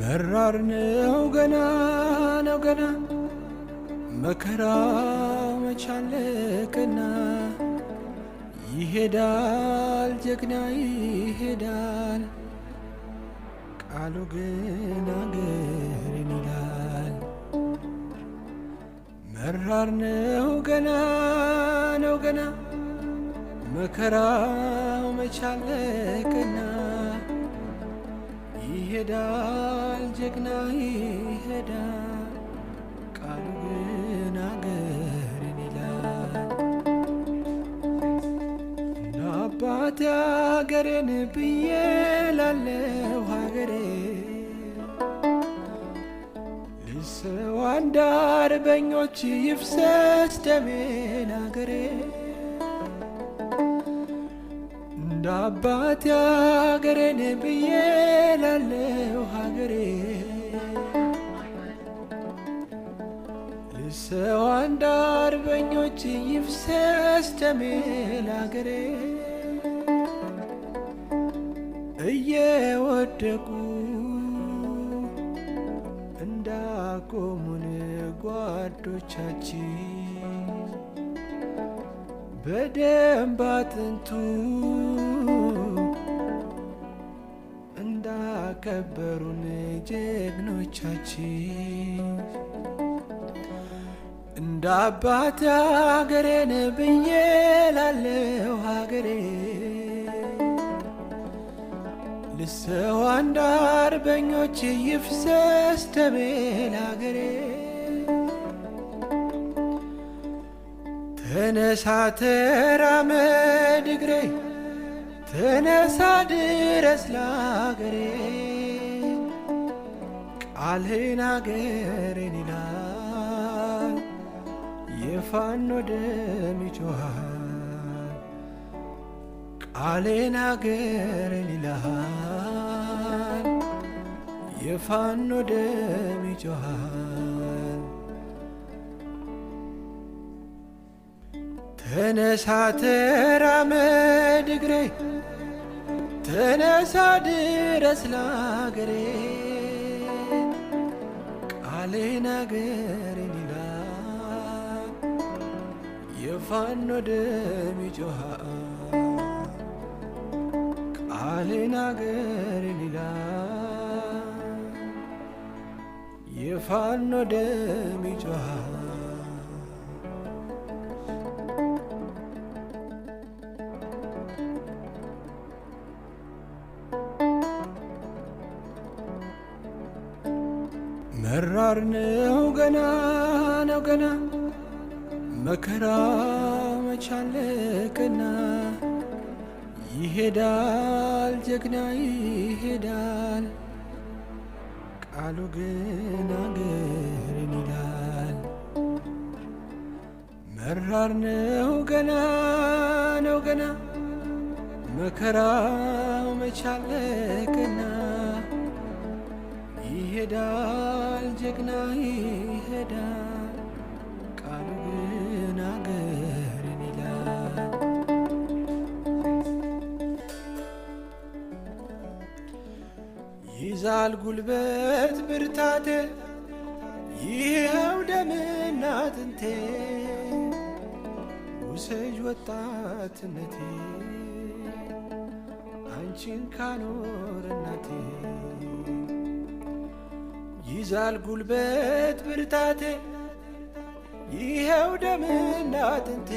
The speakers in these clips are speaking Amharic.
መራር ነው ገና ነው ገና መከራ መቻለቅና ይሄዳል ጀግና ይሄዳል ቃሉ ግን አገርን ይላል። መራር ነው ገና ነው ገና መከራው መቻለቅና ይሄዳል ጀግና ይሄዳል ቃሉ ግን አገርን ይላል። አባቴ ሀገሬን ብዬ ላለው ሀገሬ ልሰዋ እንደ አርበኞች ይፍሰስ ደሜን ሀገሬ እንደ አባት ሀገሬን ብዬ ላለው ሀገሬ ልሰዋ እንደ አርበኞች ይፍሰስ ደሜ ላገሬ እየወደቁ እንዳቆሙን ጓዶቻችን በደንብ አጥንቱ ያከበሩን ጀግኖቻችን እንደ አባት ሀገሬን ብዬ ላለው ሀገሬ ልሰዋ እንደ አርበኞች ይፍሰስ ደሜ ላገሬ ተነሳ ተራመድ እግሬ ተነሳ ድረስ ላገሬ ቃልህን አገሬን ይላል የፋኖ ደም ይጮሃል። ቃሌን አገሬን ይላል የፋኖ ደም ይጮሃል። ተነሳ ተራመድ እግሬ ተነሳ ድረስ ላገሬ ቃል ይላል የፋኖ ደም ይጮሃል። ይላል የፋኖ ደም ይጮሃል። መራር ነው ገና ነው ገና መከራ መቻለቅና ይሄዳል ጀግና ይሄዳል ቃሉ ግን አገርን ይላል። መራር ነው ገና ነው ገና መከራ መቻለቅና ይሄዳል ጀግና ይሄዳል፣ ቃሉ ግን አገርን ይላል። ይዛል ጉልበት ብርታቴ ይኸው ደምና አጥንቴ ውሰጅ ወጣትነቴ አንቺን ካኖርናቴ ይዛል ጉልበት ብርታቴ ይኸው ደምና አጥንቴ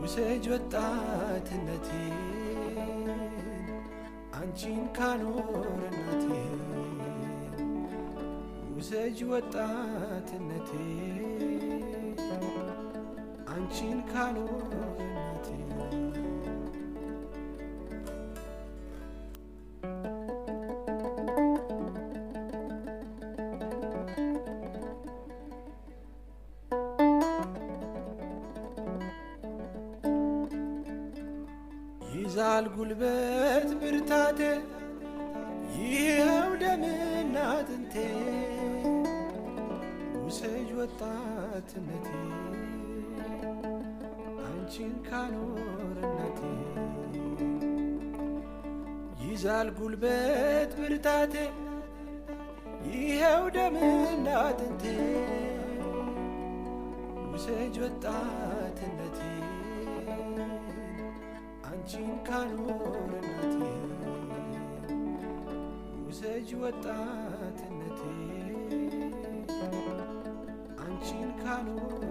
ውሰጅ ወጣትነቴን አንቺን ካኖርነቴ ውሰጅ ወጣትነቴ አንቺን ካኖርነቴ ይብዛል ጉልበት ብርታቴ ይኸው ደምና አጥንቴ ውሰጅ ወጣትነቴ አንቺን ካኖርነቴ ይዛል ጉልበት ብርታቴ ይኸው ደምና አጥንቴ ውሰጅ ወጣትነቴ አንቺን ካልሆነ እናቴ ውሰጅ ወጣትነቴ አንቺን ካልሆነ